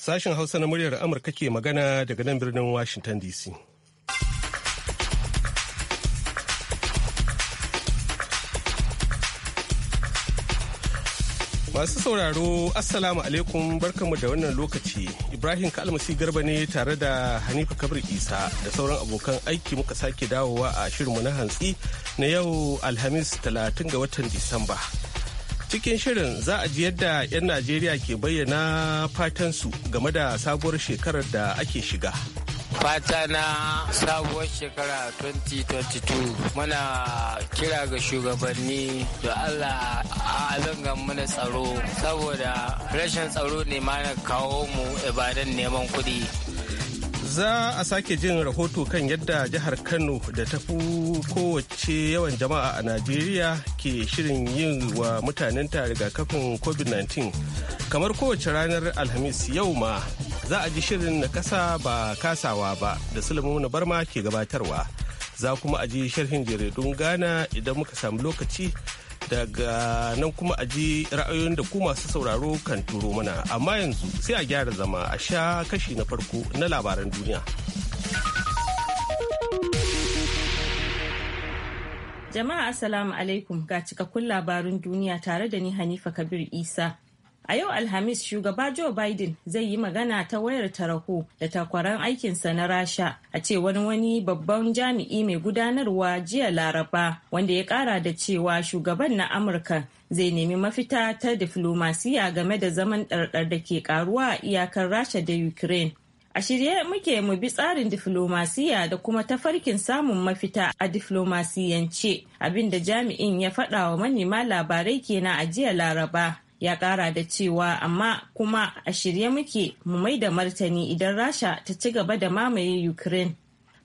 Sashen Hausa na muryar Amurka ke magana daga nan birnin Washington DC. Masu sauraro, Assalamu alaikum barkanmu da wannan lokaci. Ibrahim Kalmasi Garba ne tare da Hanifa Kabir Isa da sauran abokan aiki muka sake dawowa a shirinmu na hantsi na yau Alhamis 30 ga watan Disamba. Cikin shirin za a ji yadda 'yan Najeriya ke bayyana fatansu game da sabuwar shekarar da ake shiga. fata na sabuwar shekara 2022 muna kira ga shugabanni da Allah a zangan mana tsaro saboda rashin tsaro ne mana kawo mu ibadan neman kuɗi za a sake jin rahoto kan yadda jihar kano da ta fi kowace yawan jama'a a najeriya ke shirin yin wa mutanenta rigakafin covid-19 kamar kowace ranar alhamis yau ma za a ji shirin na kasa ba kasawa ba da na barma ke gabatarwa za kuma a ji sharhin jaridun ghana idan muka samu lokaci daga nan kuma a ji ra'ayoyin da ku masu sauraro kan turo mana amma yanzu sai a gyara zama a sha kashi na farko na labaran duniya jama'a assalamu alaikum ga cikakkun labarun duniya tare da ni hanifa kabir isa A yau Alhamis shugaba Joe Biden zai yi magana ta wayar tarako da takwaran aikinsa na Rasha a ce wani babban jami'i mai gudanarwa jiya Laraba wanda ya kara da cewa shugaban na Amurka zai nemi mafita ta diflomasiya game da zaman ɗarɗar da ke karuwa a iyakar Rasha da Ukraine. A shirye muke mu bi tsarin diflomasiya da kuma tafarkin samun mafita a diflomasiyance abinda jami'in ya faɗa wa manema labarai kenan a jiya Laraba. ya kara da cewa amma kuma a shirye muke mu mai da martani idan rasha ta ci gaba da mamaye ukraine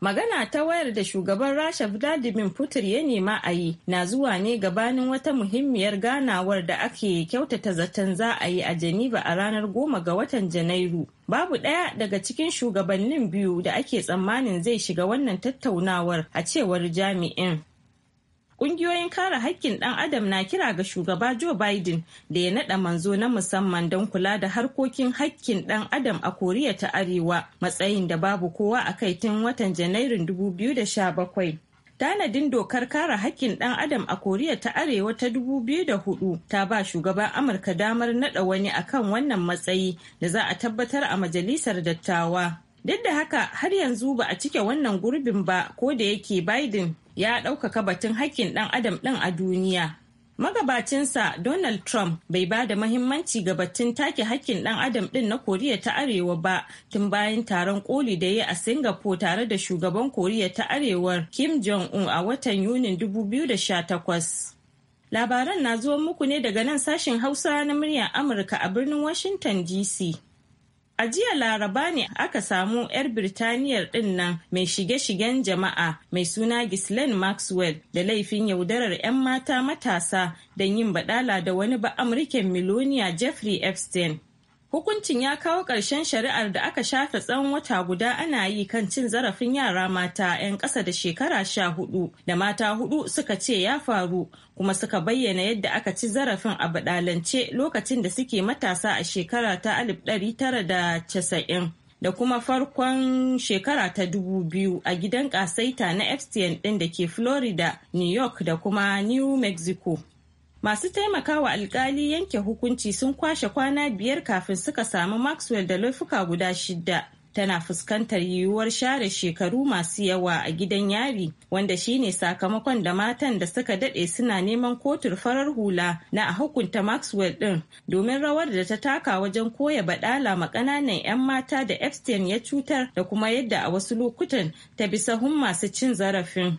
magana ta wayar da shugaban rasha vladimir putin ya nema a yi na zuwa ne gabanin wata muhimmiyar ganawar da ake kyautata zaton za a yi a geneva a ranar goma ga watan janairu babu ɗaya daga cikin shugabannin biyu da ake tsammanin zai shiga wannan tattaunawar a cewar jami'in Ƙungiyoyin kare haƙƙin ɗan adam na kira ga shugaba Joe Biden da ya naɗa manzo na musamman don kula da harkokin haƙƙin ɗan adam a Koriya ta Arewa matsayin da babu kowa a kai tun watan Janairun 2017. tanadin dokar kare hakkin ɗan adam a koriya ta arewa ta 2004 ta ba shugaban amurka damar naɗa wani akan wannan matsayi da za a tabbatar a majalisar dattawa Duk da haka har yanzu ba a cike wannan gurbin ba ko da yake Biden ya ɗaukaka batun hakkin ɗan adam ɗin a duniya. Magabacinsa Donald Trump bai ba da mahimmanci ga batun take hakkin ɗan adam ɗin na Koriya ta Arewa ba tun bayan taron koli da ya a Singapore tare da shugaban Koriya ta Arewar Kim Jong-un a watan Yunin 2018. Labaran na zuwa muku ne daga nan sashen Hausa na murya Amurka a birnin Washington DC. A jiya laraba ne aka samu 'yar Birtaniyar ɗin nan mai shige-shigen jama'a mai suna Ghislaine Maxwell da laifin yaudarar 'yan mata matasa don yin baɗala da wani ba'amurken Amurken miloniya Jeffrey Epstein. Hukuncin ya kawo ƙarshen shari'ar da aka shafe tsawon wata guda ana yi kan cin zarafin yara mata 'yan ƙasa da shekara sha hudu da mata hudu suka ce ya faru kuma suka bayyana yadda aka ci zarafin a badalance lokacin da suke matasa a shekara ta 1990. da kuma farkon shekara ta dubu biyu a gidan kasaita na epstein ɗin da ke florida new york da kuma new mexico masu taimakawa alkali yanke hukunci sun kwashe kwana biyar kafin suka samu maxwell da laifuka guda shida tana fuskantar yiwuwar share shekaru masu yawa a gidan yari wanda shine sakamakon da matan da suka dade suna neman kotur farar hula na a hukunta maxwell din domin rawar da ta taka wajen koya badala ma kananan 'yan mata da epstein ya cutar da kuma yadda a wasu lokutan ta bi sahun masu cin zarafin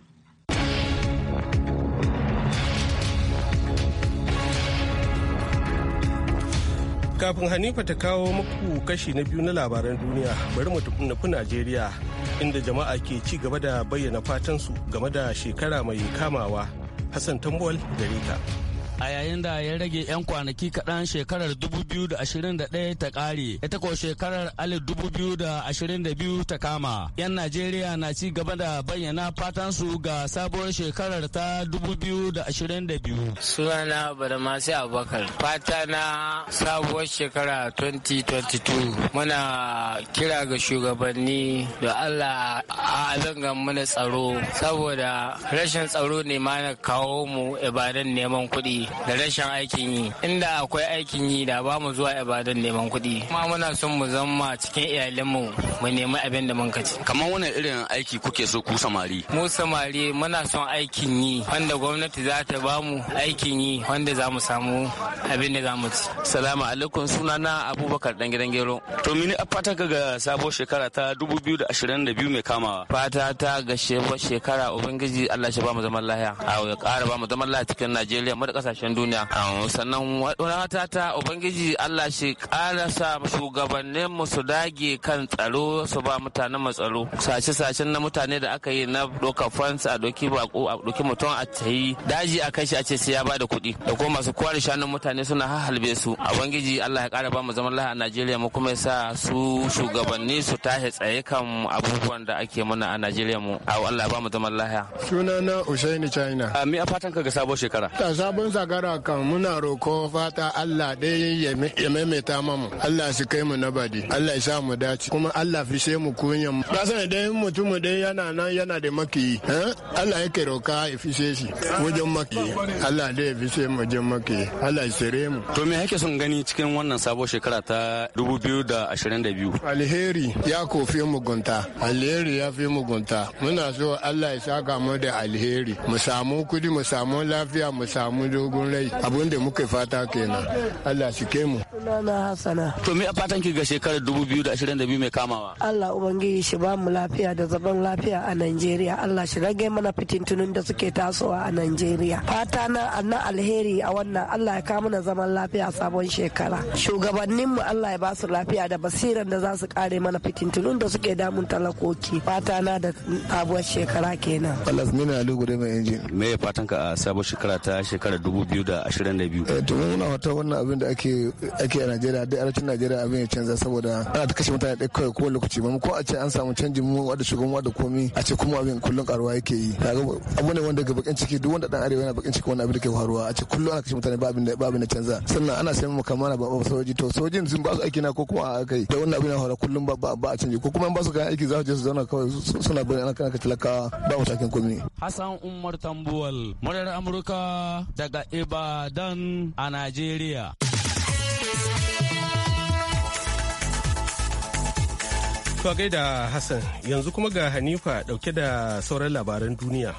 Kafin Hanifa ta kawo muku kashi na biyu na labaran duniya bari mu nufi Najeriya inda jama'a ke ci gaba da bayyana fatansu game da shekara mai kamawa. Hassan tambol gare ka. a yayin da ya rage 'yan kwanaki kaɗan shekarar 2021 ta ƙare ita ko shekarar 2022 ta kama 'yan najeriya na ci gaba da bayyana fatan su ga sabuwar shekarar ta 2022 bada masu abubakar fata na sabuwar shekara 2022 muna kira ga shugabanni da allah a alangan mana tsaro saboda rashin tsaro ne ma na kawo mu ibadan neman kuɗi da rashin aikin yi inda akwai aikin yi da ba mu zuwa ibadan neman kuɗi kuma muna son mu zama cikin iyalanmu mu nemi abin da mun kaci kamar wani irin aiki kuke so ku samari mu samari muna son aikin yi wanda gwamnati za ta ba mu aikin yi wanda za mu samu abin da za mu ci salamu alaikum sunana abubakar dan gidan gero to mini a fata ga sabo shekara ta 2022 mai kamawa fata ta ga shekara ubangiji Allah shi ba mu zaman lahiya a ya kara ba mu zaman lahiya cikin Najeriya mu da kasashen duniya sannan wata ta ubangiji allah shi ƙara sa shugabannin mu su dage kan tsaro su ba mutanen mu tsaro sace sacen na mutane da aka yi na doka fans a doki bako a doki mutum a tsayi daji a kashi a ce sai ya ba da kuɗi da kuma masu kwari shanun mutane suna halbe su ubangiji allah ya kara ba mu zaman lafiya a najeriya mu kuma sa su shugabanni su tashi tsaye kan abubuwan da ake muna a najeriya mu allah ba mu zaman lafiya sunana usaini china a mi a fatan ka ga sabon shekara ta sabon gara kan muna roko fata Allah ɗaya ya maimaita mamu Allah su kai mu na badi Allah ya sa mu dace kuma Allah fishe mu kunyan mu ka sani dai mutum dai yana nan yana da eh Allah yake roka ya fishe shi wajen maki Allah dai ya fishe mu wajen maki Allah ya sere mu to me yake son gani cikin wannan sabon shekara ta 2022 alheri ya kofi mugunta alheri ya fi mugunta muna so Allah ya saka mu da alheri mu samu kudi mu samu lafiya mu samu dogo dogon rai abun da muka fata kenan Allah shi ke mu sunana Hassana to me a fatan ki ga shekarar 2022 mai kamawa Allah ubangiji shi ba mu lafiya da zaman lafiya a Najeriya Allah shi rage mana fitintunun da suke tasowa a Najeriya fata na annan alheri a wannan Allah ya kawo mana zaman lafiya sabon shekara shugabannin mu Allah ya ba su lafiya da basiran da za su kare mana fitintunun da suke damun talakoki fata na da sabuwar shekara kenan Alasmina Alugu da mai injin me fatan ka a sabon shekara ta shekarar dubu 2022 eh, to mun muna fata wannan abin da ake ake a Najeriya da arewacin Najeriya abin ya canza saboda ana ta kashe mutane ɗaya kawai kowane lokaci ba ko a ce an samu canjin mu da shugaban wa da komi a ce kuma abin kullun karuwa yake yi abu ne wanda ga bakin ciki duk wanda dan arewa yana bakin ciki wannan abin da ke faruwa a ce kullun ana kashe mutane ba abin da ba abin da canza sannan ana sayan kamar ba ba sojoji to sojojin sun ba su aiki na ko kuma a kai da wannan abin ya faru kullun ba ba a canji ko kuma ba su kayan aiki za su je su zauna kawai suna bari ana kana ka talakawa ba mutakin komi Hassan Umar Tambuwal murar Amurka daga Ibadan a Najeriya. To gaida Hassan yanzu kuma ga Hanifa dauke da sauran labaran duniya.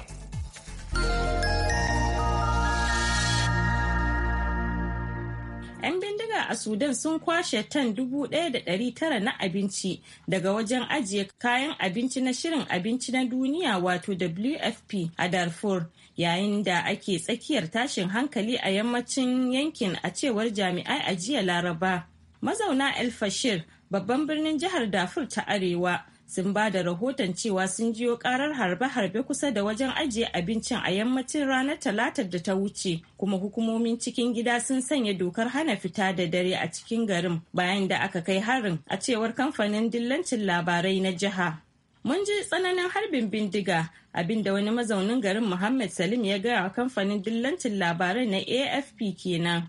a Sudan sun kwashe tan 1,900 na abinci daga wajen ajiye kayan abinci na shirin abinci na duniya wato WFP a Darfur yayin da ake tsakiyar tashin hankali a yammacin yankin a cewar jami'ai a jiya laraba mazauna el fashir babban birnin jihar dafur ta arewa sun ba da rahoton cewa sun jiyo karar harbe-harbe kusa da wajen ajiye abincin a yammacin ranar talatar da ta wuce kuma hukumomin cikin gida sun sanya dokar hana fita da dare a cikin garin bayan da aka kai harin a cewar kamfanin dillancin labarai na jiha Mun ji tsananin harbin bindiga abinda wani mazaunin garin Muhammad Salim ya gaya a kamfanin dillancin labarai na AFP kenan.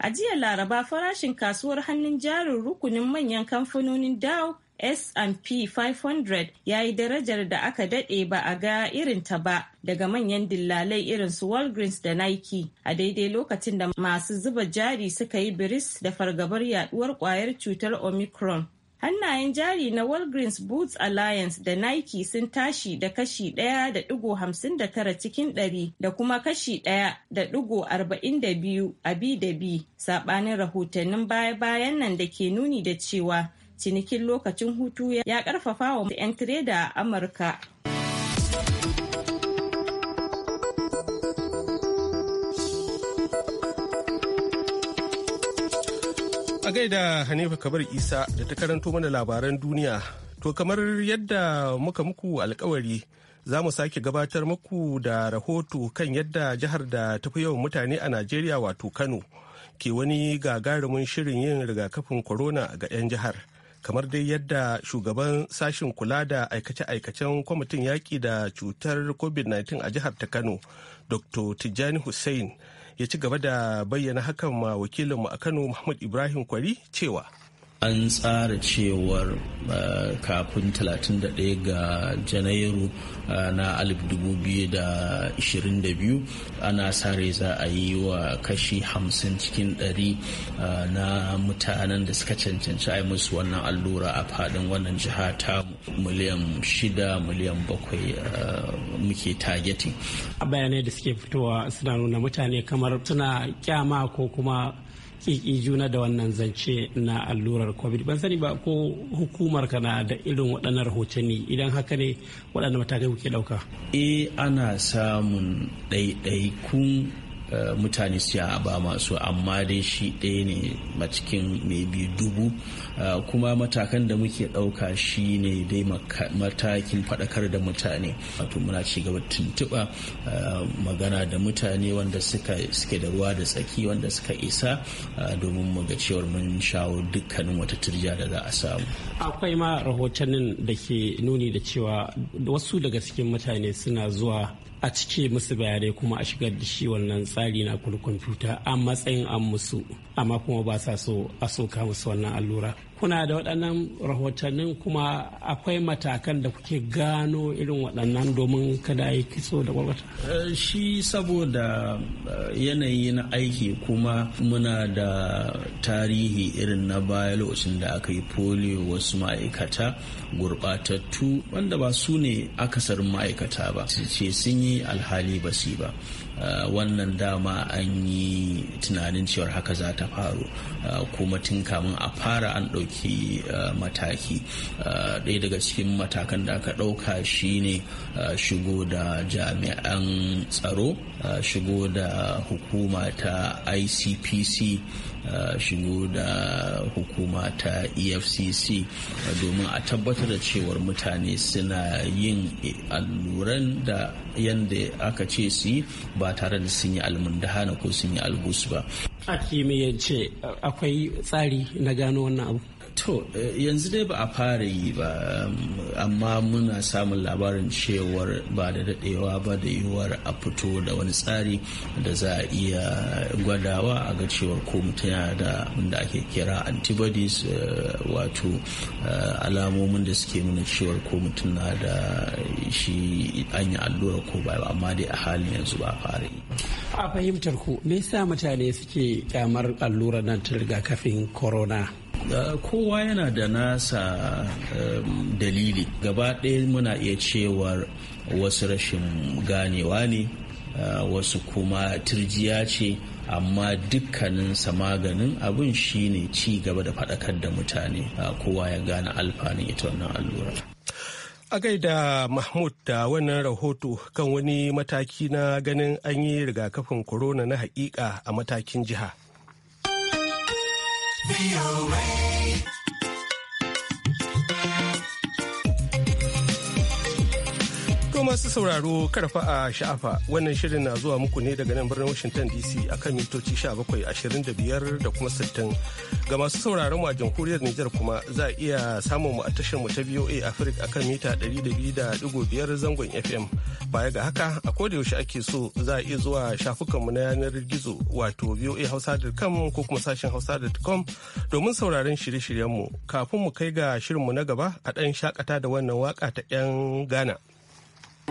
A jiya Laraba farashin kasuwar hannun jarin rukunin manyan kamfanonin Dow S&P 500 ya yi darajar da aka daɗe ba a ga irin ta ba daga manyan dillalai irin su Walgreens da Nike a daidai lokacin da masu zuba jari suka yi biris da fargabar yaduwar kwayar cutar Omicron. Hannayen jari na Walgreens Boots Alliance da Nike sun tashi da kashi 1.59 cikin 100 da kuma kashi 1.42 a bi da bi sabanin rahotannin baya-bayan nan da ke nuni da cewa cinikin lokacin hutu ya karfafa wa 'yan tireda a Amurka. A gaida Hanifa Kabar Isa da ta karanto mana labaran duniya. To kamar yadda muka muku alkawari za mu sake gabatar muku da rahoto kan yadda jihar da ta fi yawan mutane a Najeriya wato Kano ke wani gagarumin shirin yin rigakafin corona ga 'yan jihar. Kamar dai yadda shugaban sashin kula da aikace-aikacen kwamitin yaƙi da cutar COVID-19 a jihar ta Kano, Dr. Tijjani Hussein ya ci gaba da bayyana hakan ma wakilinmu a Kano Muhammad Ibrahim Kwari cewa an tsara cewar eh, kafin 31 ga janairu eh, na 2022 ana sare za a yi wa kashi 50 cikin 100 eh, na mutanen da suka cancanci a yi musu wannan allura a fadin wannan jiha ta miliyan 6 miliyan 7 muke targeting a bayanai da suke fitowa suna nuna mutane kamar suna kyama ko kuma hakiki juna da wannan zance na allurar covid ban sani ba ko hukumar ka na da irin waɗannan rahotanni idan haka ne waɗannan matakai kuke ɗauka eh ana samun ɗaiɗaikun Eh, mutane su a ba masu amma dai shi ɗaya ne a cikin mai biyu dubu eh, kuma matakan da muke ɗauka shi ne dai matakin faɗakar da mutane wato muna ci gaba tuntuɓa eh, magana da mutane wanda suke da ruwa da tsaki wanda suka isa domin mu ga cewar mun shawo dukkanin wata turja da za a samu akwai ma rahotannin da ke nuni da cewa wasu daga cikin mutane suna zuwa a cike musu bayanai kuma a shigar da shi wannan tsari na kwamfuta a matsayin an musu amma kuma ba sa so a soka musu wannan allura kuna da waɗannan rahotannin kuma akwai matakan da kuke gano irin waɗannan domin kada yi kitso da gwagwata eh, shi saboda eh, yanayi na aiki kuma muna da tarihi irin na baya lokacin da aka yi polio wasu ma'aikata gurɓatattu wanda ba su ne akasarin ma'aikata ba ce sun yi alhali basi ba Ah, wannan dama an yi tunanin cewar haka za ta faru ah, kuma tun kamun a fara an ɗauki ah, mataki ɗaya daga cikin matakan da aka ɗauka shine shigo da jami'an tsaro shigo da hukuma ta icpc shigo da hukuma ta efcc domin a tabbatar da cewar mutane suna yin alluran da yadda aka ce su yi ba tare da sun yi almundahana ko sun yi algus ba a kimiyyance akwai tsari na gano wannan abu To eh, yanzu dai ba a fara yi ba um, amma muna samun labarin cewar ba da daɗewa ba da yiwuwar a fito da wani tsari da za a iya gwadawa a ga cewar ko mutum da da ake kira antibodies eh, wato eh, alamomin da suke nuna cewar ko mutum na da shi an yi allura ko ba amma dai a halin yanzu ba a fara yi. A fahimtar ku me yasa mutane suke kyamar allura nan ta rigakafin corona? Eh, kowa yana da nasa eh, dalili gaba ɗaya muna iya cewar wasu rashin ganewa ne eh, wasu kuma turjiya ce amma dukkaninsa maganin abin shine ci gaba da faɗakar da mutane kowa ya gane alfanun ita wannan allura a gaida mahmud da wannan rahoto kan wani mataki na ganin an yi rigakafin corona na haƙiƙa a matakin jiha Be away. masu sauraro karfa a sha'afa wannan shirin na zuwa muku ne daga nan birnin Washington DC akan mitoci 1725 da kuma 60. Ga masu sauraron mu a jamhuriyar Nijar kuma za a iya samun mu a tashar mu ta VOA Africa akan mita 200.5 zangon FM. Baya ga haka a koda yaushe ake so za a iya zuwa shafukan mu na yanar gizo wato voahausa.com ko kuma sashen hausa.com domin sauraron shirye-shiryen mu kafin mu kai ga shirin mu na gaba a ɗan shakata da wannan waka ta 'yan Ghana.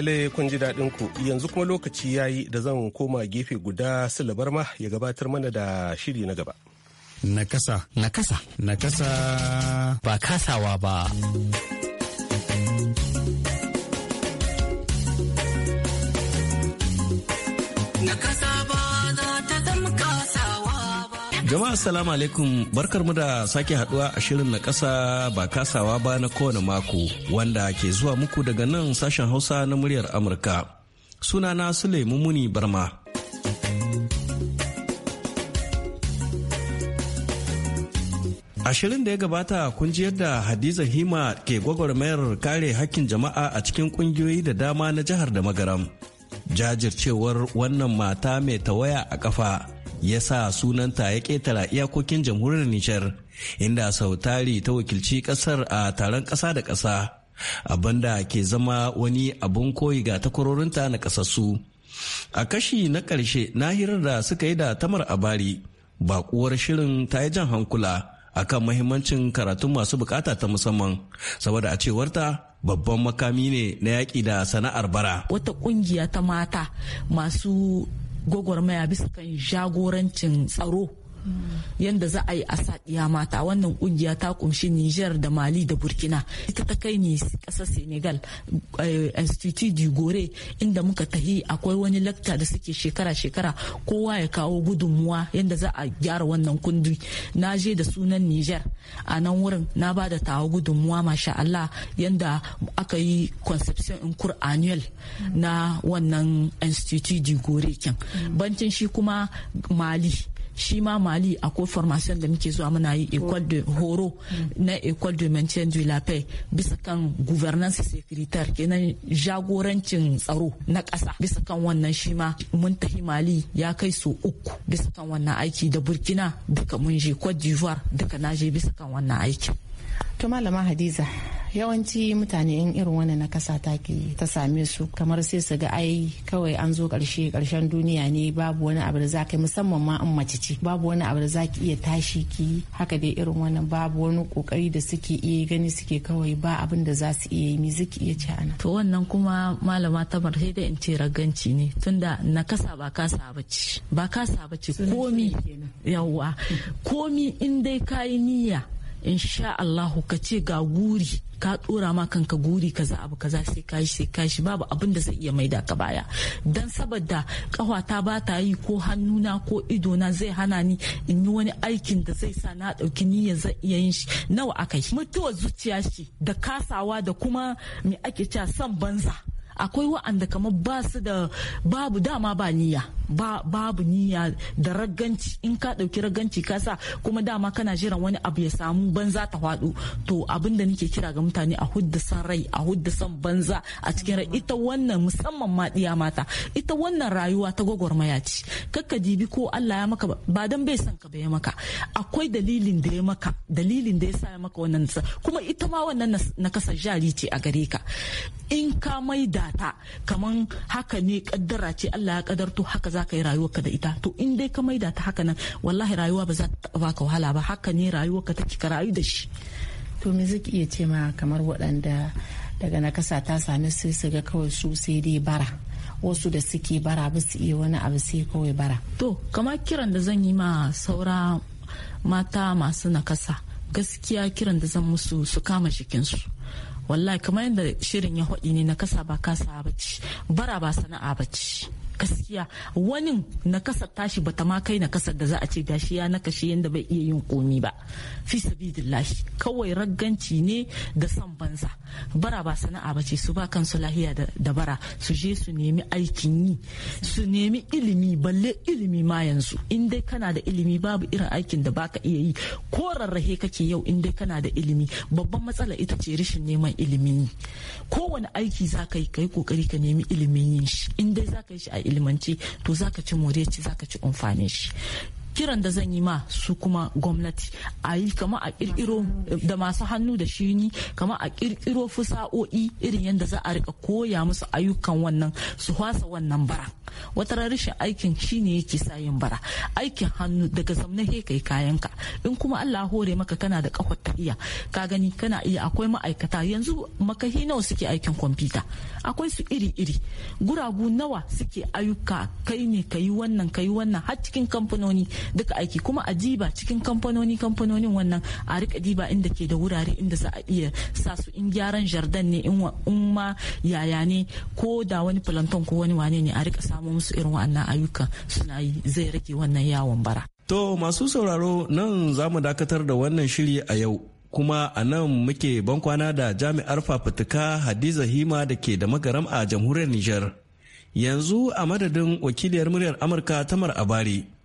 lalle kun ji daɗin ku yanzu kuma lokaci ya yi da zan koma gefe guda silabar ma ya gabatar mana da shiri na gaba. Nakasa. Nakasa. Nakasa. Ba kasawa ba. Jama'a salamu alaikum barkar mu da sake haduwa a shirin na kasa ba kasawa ba na kowane mako wanda ke zuwa muku daga nan sashen Hausa na muryar Amurka. Sunana Sule Mumuni Barma. A shirin da ya gabata kun ji yadda Hadiza Hima ke gwagwarmayar kare hakkin jama'a a cikin kungiyoyi da dama na jihar da magaram. Jajircewar wannan mata mai tawaya a kafa ya sa sunanta ya ƙetara iyakokin jamhuriyar Nijar, inda sautari ta wakilci kasar a taron kasa da ƙasa, abinda ke zama wani abun koyi ga takwarorinta na kasassu. A kashi na ƙarshe na hirar da suka yi da tamar abari, baƙuwar shirin ta yi jan hankula akan mahimmancin karatun masu bukata ta musamman, saboda a cewarta babban makami ne na yaƙi da sana'ar bara. Wata ƙungiya ta mata masu gwagwarmaya bisa kan jagorancin tsaro yadda za a yi a sa mata wannan kungiya ta kunshi niger da mali da burkina ita ta kai ni ƙasar senegal eh, institut du gore inda muka tahi akwai wani lakta da suke shekara-shekara kowa ya kawo gudunmuwa yadda za a gyara wannan kundi na je da sunan niger a nan wurin na ba da tawa gudunmuwa masha allah yadda aka yi conception in cour annual na wannan institut du gore kin bancin shi kuma mali shi ma mali akwai formation da muke zuwa muna yi Ecole de horo na Ecole de maintien de la paix bisa kan gouvernance sécuritaire kenan jagorancin tsaro na ƙasa bisa kan wannan shi ma mun tafi mali ya kai su uku bisa kan wannan aiki da burkina duka mun je cote d'ivoire duka na je bisa kan wannan aikin to malama hadiza yawanci mutane in irin wani na kasa ta ta same su kamar sai su ga ai kawai an zo karshe karshen duniya ne babu wani abu da za yi musamman ma in mace ce babu wani abu da za iya tashi ki haka dai irin wannan babu wani kokari da suke iya gani suke kawai ba abin da za su iya yi zaki iya ci ana to wannan kuma malama tamar sai da in ce raganci ne tunda na kasa ba kasa bace ba kasa bace komi yawwa komi in dai kayi niyya insha Allahu ka ce ga guri ka dora ma kanka guri kaza abu kaza sai ka sai ka shi babu abin da zai iya maida ka baya dan saboda kawata ba ta yi ko hannuna ko idona zai hana ni in yi wani aikin da zai sa na dauki niyyar zai iya yin shi nawa akai Mutuwa zuciya shi da kasawa da kuma me ake cewa son banza akwai wa'anda kamar ba su da babu dama ba niyya ba babu niyya da raganci in ka dauki raganci ka sa kuma dama kana jiran wani abu ya samu banza ta faɗo to abin da nake kira ga mutane a hudda san rai a hudda san banza a cikin rai ita wannan musamman ma diya mata ita wannan rayuwa ta gwagwarmaya ce kakka dibi ko Allah ya maka ba dan bai san ka ba ya maka akwai dalilin da ya maka dalilin da ya sa ya maka wannan kuma ita ma wannan na nakasa jari ce a gare ka in ka maida ta kaman haka ne kaddara ce Allah ya kadarto haka za ka yi rayuwarka da ita to in dai ka maida ta haka nan wallahi rayuwa ba za ta ka wahala ba haka ne rayuwarka take ka rayu da shi to me zai iya ce ma kamar waɗanda daga nakasa ta sami sai su ga kawai su sai dai bara wasu da suke bara ba su iya wani abu sai kawai bara to kamar kiran da zan yi ma saura mata masu nakasa gaskiya kiran da zan musu su kama jikinsu wallahi kamar yadda shirin ya haɗi ne na kasa ba kasa ba bara ba sana'a ba gaskiya wani na kasa tashi bata ma kai na kasa da za a ce gashi ya na kashe yadda bai iya yin komi ba fi sabidillahi kawai ragganci ne da san banza bara ba sana'a ba ce su ba kansu lahiya da bara su je su nemi aikin yi su nemi ilimi balle ilimi ma yanzu in dai kana da ilimi babu irin aikin da baka iya yi ko rarrahe kake yau in dai kana da ilimi babban matsala ita ce rashin neman ilimin yi kowane aiki za ka yi ka yi kokari ka nemi ilimin yin shi in dai za ka yi shi a ilmanci to zaka ci more ci zaka ci amfanin shi kiran da zan yi ma su kuma gwamnati a yi kama a kirkiro da masu hannu da shini kama a kirkiro fusa'o'i irin yadda za a rika koya musu ayyukan wannan su hwasa wannan bara wata rashin aikin shine yake sa yin bara aikin hannu daga zamna he kai kayanka in kuma Allah hore maka kana da kafar ta iya ka gani kana iya akwai ma'aikata yanzu makahi nawa suke aikin kwamfuta akwai su iri-iri guragu nawa suke ayyuka kai ne kayi wannan kayi wannan har cikin kamfanoni duka aiki kuma a diba cikin kamfanoni kamfanonin wannan a rika diba inda ke da wurare inda za a iya sa su in gyaran jardan ne in ma yaya ne ko da wani planton ko wani wane ne a rika samu musu irin wa'annan ayyuka suna yi zai rage wannan yawon bara. To masu sauraro nan za mu dakatar da wannan shiri a yau kuma a nan muke bankwana da jami'ar fafutuka hadiza hima da ke da magaram a jamhuriyar nijar yanzu a madadin wakiliyar muryar amurka tamar abari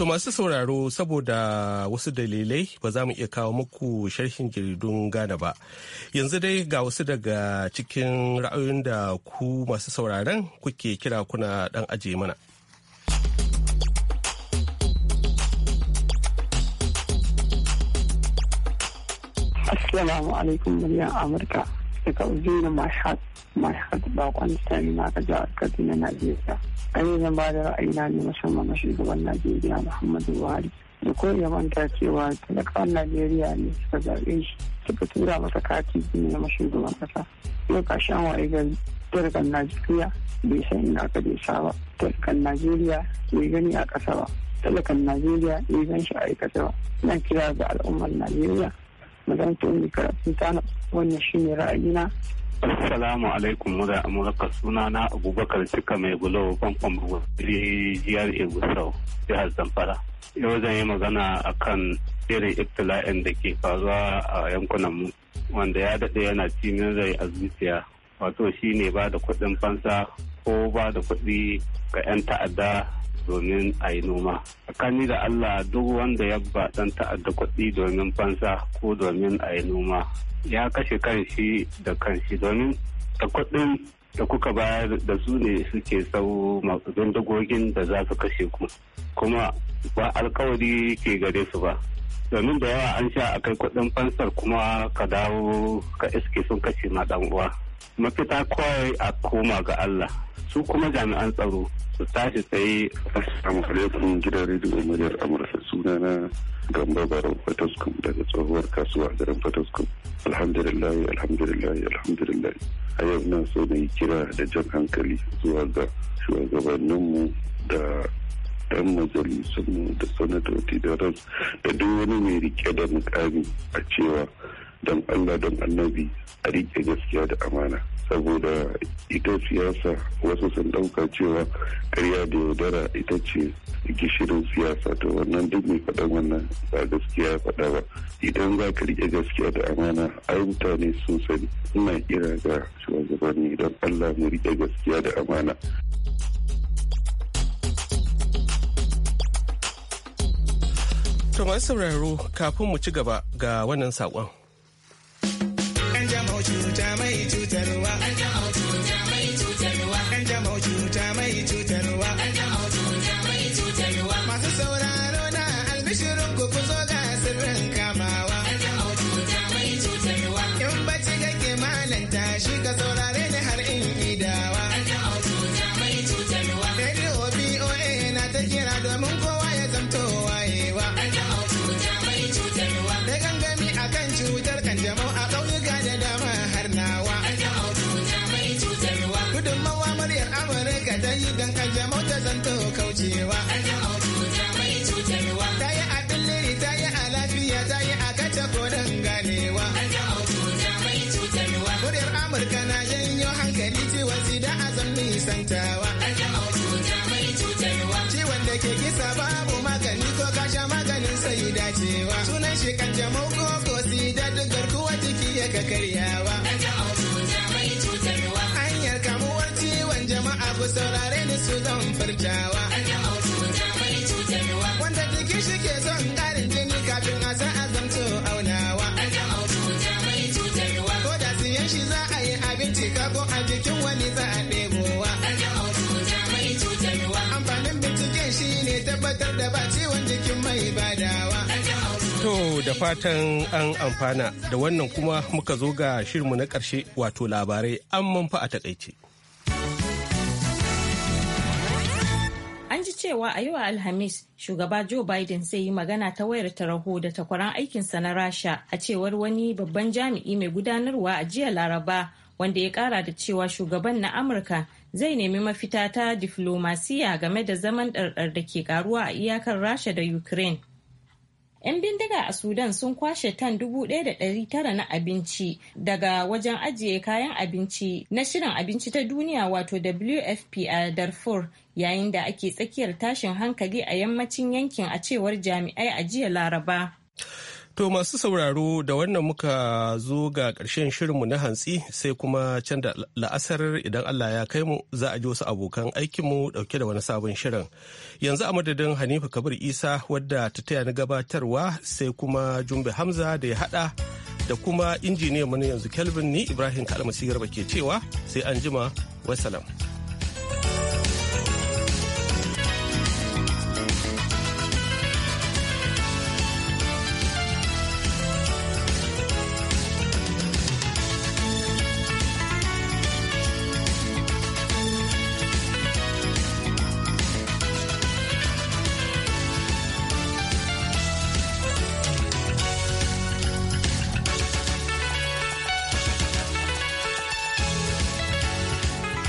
To masu sauraro saboda wasu dalilai ba za mu iya kawo muku sharhin jaridun Ghana ba. Yanzu dai ga wasu daga cikin ra'ayoyin da ku masu sauraron kuke kira kuna dan aje mana. Assalamu alaikum muryar Amurka daga Uzina mashad Mashat bakon Sani na Kaduna Najeriya. ai zan ba da ra'ayina ne musamman na shugaban najeriya muhammadu buhari da ko ya manta cewa talakawan najeriya ne suka zaɓe shi suka tura masa kati biyu na shugaban ƙasa yau kashi an waye talakan najeriya bai san ina ka bai sa ba talakan najeriya bai gani a ƙasa ba talakan najeriya bai gan shi a aikata ba Na kira ga al'ummar najeriya mu zan to karatun tana wannan shi shine ra'ayina Assalamu alaikum muraka suna na Abubakar Cika mai bulo famfam wuri jiyar egusau jihar Zamfara. Yau zan yi magana akan irin ibtila'in da ke faruwa a yankunan mu wanda ya daɗe yana cinin rai a zuciya wato shine ba da kuɗin fansa ko ba da kuɗi ga 'yan ta'adda domin a yi noma kani da allah duk wanda ya ba dan ta'adda kuɗi domin fansa ko domin a yi noma ya kashe kanshi da kanshi domin da kuɗin da kuka bayar da su ne suke sau dogogin da za su kashe ku kuma ba alkawari ke gare su ba domin da yawa an sha a kai kuɗin fansar kuma ka dawo ka iske sun kashe ma ɗan uwa mafita kawai a koma ga Allah su kuma jami'an tsaro su tashi sai assalamu alaikum gidan rediyo muryar amurka suna na gamba baron fatoskum daga tsohuwar kasuwa a garin fatoskum alhamdulillah alhamdulillah alhamdulillah a yau na so na yi kira da jan hankali zuwa ga shugabanninmu da dan majalisunmu da sanatoci da da duk wani mai rike da mukami a cewa don allah don annabi a riƙe gaskiya da amana saboda ita siyasa wasu sun ɗauka cewa karya da yaudara ita ce gishirin siyasa to wannan duk mai faɗa wannan ba gaskiya faɗa ba idan za ka riƙe gaskiya da amana ai mutane sun sani ina kira ga shugabanni don allah mu riƙe gaskiya da amana To masu sauraro kafin mu ci gaba ga wannan saƙon. cuta mai cutarwa. Sai kanjamau ko ko sida duk garkuwa jiki ya ka karyawa. Hanyar kamuwar ciwon jama'a ku saurare ni su zan furtawa. Wanda jiki shi ke son ƙarin jini kafin a sa a aunawa. Ko da siyan shi za a yi abinci ka ko a jikin wani za a ɗebowa. Amfanin binciken shi ne tabbatar da ba ciwon da fatan an amfana da wannan kuma muka zo ga shirinmu na ƙarshe wato labarai an manfa a takaice. An ji cewa a yau Alhamis shugaba Joe Biden zai yi magana ta wayar taraho da takwaran aikinsa na Rasha a cewar wani babban jami'i mai gudanarwa a jiya Laraba wanda ya kara da cewa shugaban na Amurka zai nemi mafita ta diflomasiya game da zaman ɗarɗar da ke karuwa a iyakar Rasha da Ukraine. 'Yan bindiga a Sudan sun kwashe tan 1,900 na abinci daga wajen ajiye kayan abinci na shirin abinci ta duniya wato WFP a Darfur yayin da ake tsakiyar tashin hankali a yammacin yankin a cewar jami'ai a jiya Laraba. To masu sauraro da wannan muka zo ga ƙarshen shirinmu na hantsi sai kuma can da la'asar idan Allah ya kai mu za a ji wasu abokan aikinmu ɗauke da wani sabon shirin. Yanzu a madadin Hanifa Kabir Isa wadda ta taya ni gabatarwa sai kuma Jumbe Hamza da ya haɗa da kuma injiniya mu yanzu Kelvin ni Ibrahim Kalmasi Garba ke cewa sai an jima wasalam.